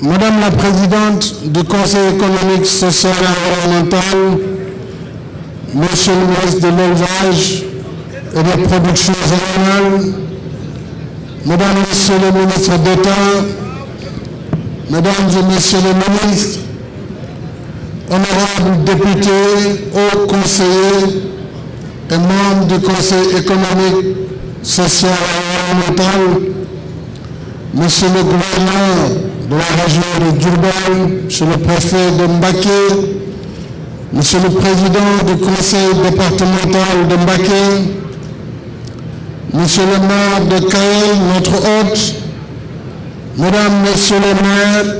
Madame la Présidente du Conseil économique, social et environnemental, Monsieur le de l'Élevage et des Productions animales, Mesdames, Messieurs les ministres d'État, Mesdames et du Conseil économique, social environnemental, Monsieur le gouverneur de la région de Diourbel, Monsieur le préfet de Mbacké, Monsieur le président du conseil départemental de Mbacké, Monsieur le maire de Kael, notre hôte, Mesdames, Messieurs les maires,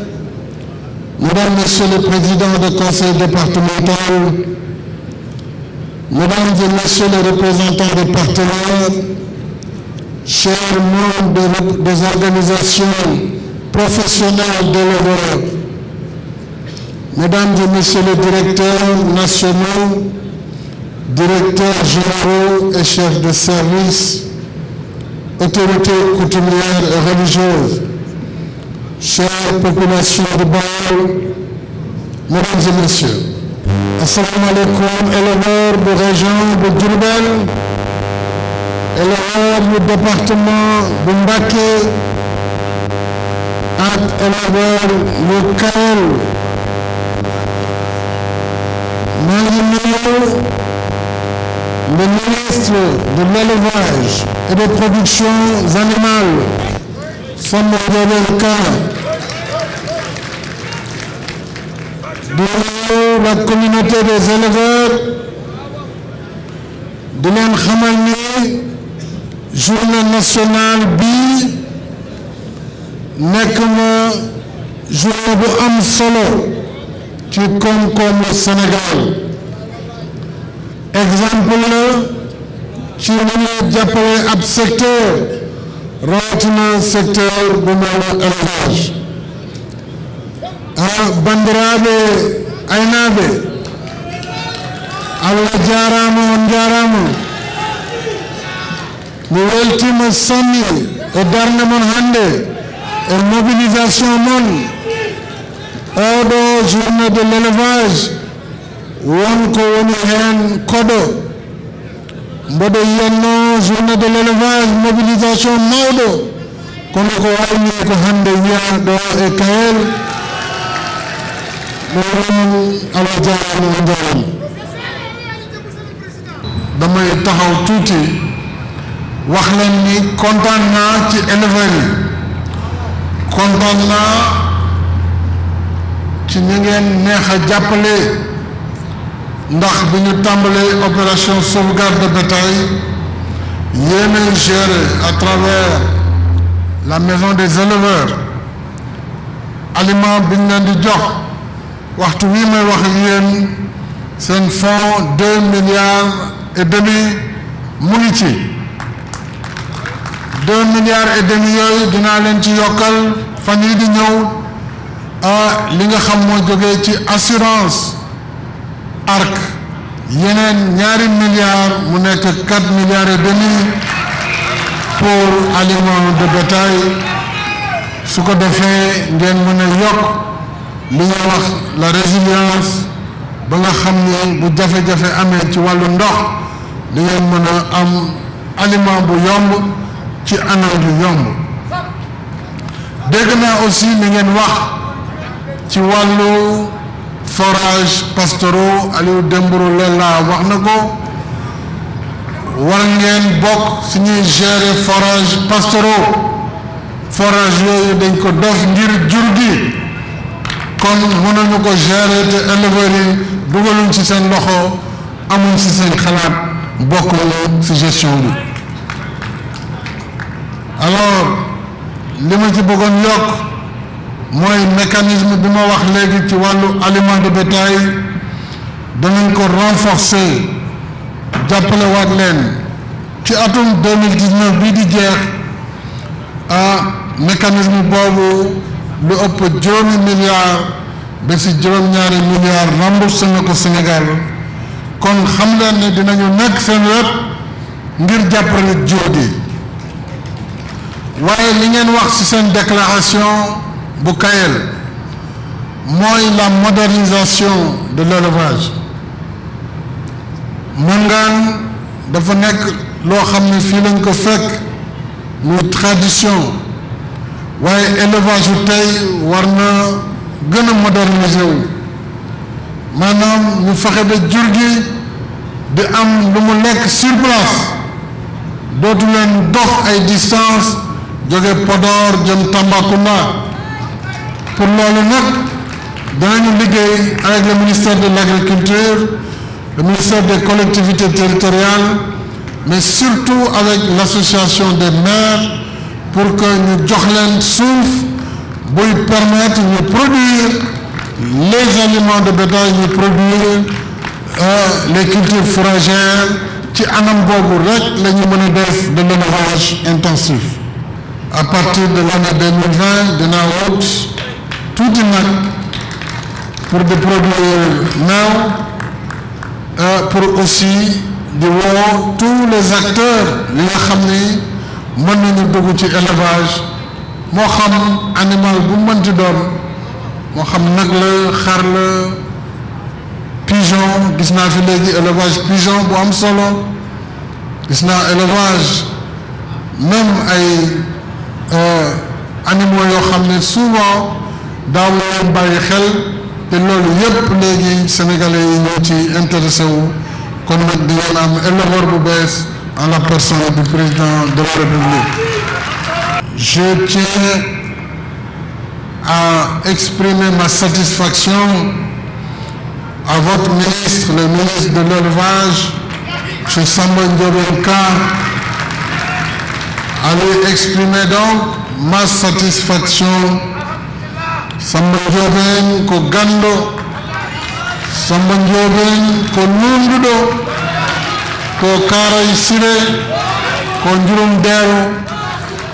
Mesdames, Messieurs les présidents du conseil départemental, Mesdames et Messieurs les représentants chers membres des organisations professionnelles de l'Europe, mesdames et messieurs les directeurs nationaux, directeurs généraux et chefs de service, autorités coutumières et religieuses, chère population de Baol, mesdames et messieurs, Assalamu alaikum, de région de Diourbel, élèves yu département bu Mbacké ak élèves yu Kaol maa le ministre de l'élevage et des productions animales Samba Ndiobène Ka di nuyu la communauté des éleveurs di leen xamal ni journée nationale bi nekk na journée bu am solo ci koom-koomu Sénégal exemple ci lu ñu ab secteur rawatina secteur bu mel ne élevage ah bandiraaɓe aynaaɓe Allah jaaraama on jaaraama mi weltima sanni e darde mon hannde e mobilisation mon oɗo journée de l' élevage wonko woni heen koɗo mboɗo yiyatno journée de l' élevage mobilisation mawɗo kono ko wayni ko hannde wiyana ɗo e kayel ɗoon allah jarama o damay taxaw tuuti wax leen ni kontaan naa ci éleveurs yi kontaan naa ci ñu ngeen neex a jàppale ndax bi ñu tàmbalee opération sauvegarde de bétail yéen a géré à la maison des éleveurs aliment bi ñu leen di jox waxtu wii may wax ak yéen seen fonds deux milliards et demi mu ngi ci. deux milliards et demi yooyu dinaa leen ci yokkal fan yii di ñëw li nga xam moo jóge ci assurance arc yeneen ñaari milliards mu nekk quatre milliards et demi pour aliment de bétail su ko defee ngeen mën a yokk li nga wax la résilience ba nga xam ni bu jafe-jafe amee ci wàllu ndox li ngeen mën a am aliment bu yomb ci anam yu yomb dégg naa aussi li ngeen wax ci wàllu forage pastoraux Aliou Dembourou Lela wax na ko war ngeen bokk su ñuy gérer forage pastoraux forage yooyu dañ ko def ngir jur gi kon mënuñu ko gérer te éleveurs yi dugaluñ ci seen loxo am ci seen xalaat bokk na ci gestion bi alors li ma ci bëggoon yokk mooy mécanisme bi wax léegi ci wàllu aliment de bétail danañ ko renforcer jàppale waat leen ci atum 2019 bii di jeex ah mécanisme boobu lu ëpp juróomi milliards ba si juróom-ñaari milliards remboursé na ko Sénégal kon xam leen ni dinañu nekk seen wet ngir jàppale jiw waaye li ngeen wax si seen déclaration bu Kayel mooy la modernisation de l'élevage mangaan dafa nekk loo xam ne fii lañ ko fekk muy tradition waaye élevage yu tey war na gën a moderniser wu maanaam ñu fexe jur gi di am lu mu lekk sur place dootu leen dox ay distance jóge Podor jëm Tambacounda pour loolu nag danañu liggéey avec le ministère de l'agriculture le ministère des collectivités territoriales mais surtout avec l'association des maires pour que ñu jox leen suuf buy permettre ñu produire les aliments de bétail ñu produire euh, les cultures fourragères ci anam boobu rek la ñu mën a de l'élevage intensif à partir de l'année 2020 dinaa wut tuuti nag pour di produire naaw euh, pour aussi di woo tous les acteurs yi nga xam ni mën nañu dugg ci élevage moo xam animal bu mënti doon moo xam nag la xar la pigeon gis naa fi léegi élevage pigeon bu am solo gis naa élevage même ay Euh, animaux yoo xam ne souvent daawu leen bàyyi xel te loolu yépp léegi sénégalais yi ñoo ci intéressé wu kon nag di ngeen am éleveur bu bees en la personne du président de la République. Je tiens à exprimer ma satisfaction à votre ministre, le ministre de l'élevage, M. Samba Ndiobène Ka avait exprimé donc ma satisfaction Samba Ndiobène ko ganndo Samba Ndiobène ko nunduɗo ko Karay Siré ko Njurum Deero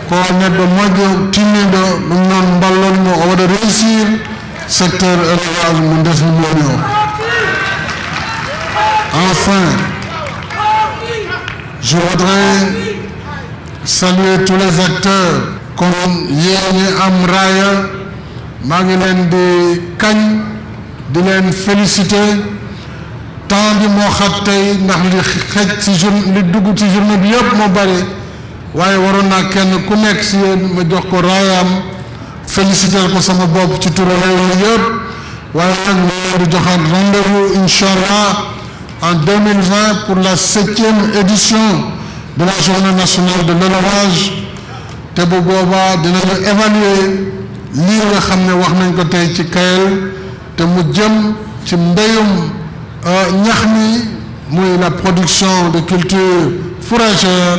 ko neɗɗo moƴƴo tinniɗo ɗum noon ballon mo o waɗa réussir secteur élevage mo ndesnimoni o enfin je saluer tous les acteurs comme yéen am raaya maa ngi leen di kañ di leen féliciter temps bi ndax li xej ci jour li dugg bi yëpp moo bëri waaye waroon naa kenn ku nekk si ma jox ko raayaam féliciter ko sama bopp ci turu réew mi yëpp waaye nag ñu leen di joxaat rendez-vous incha allah pour la septième édition de la journée nationale de l'élevage te bu boobaa dinañu évaluer lii nga xam ne wax nañ ko tey ci Kael te mu jëm ci mbéyum euh, ñax mi muy la production de culture fourragère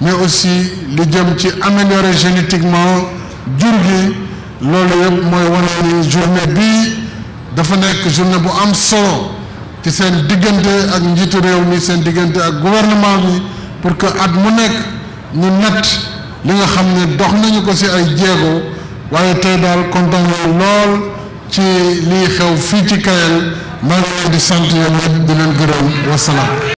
mais aussi li jëm ci améliorer génétiquement jur gi loolu yëpp mooy wane ni journée bii dafa nekk journée bu am solo ci seen diggante ak njiitu réew mi seen diggante ak gouvernement bi pour que at mu nekk ñu nett li nga xam ne dox nañu ko si ay jéego waaye tey daal kontaan lool ci lii xew fii ci Kayel maa ngi di sant yéen di leen gërëm wasalaam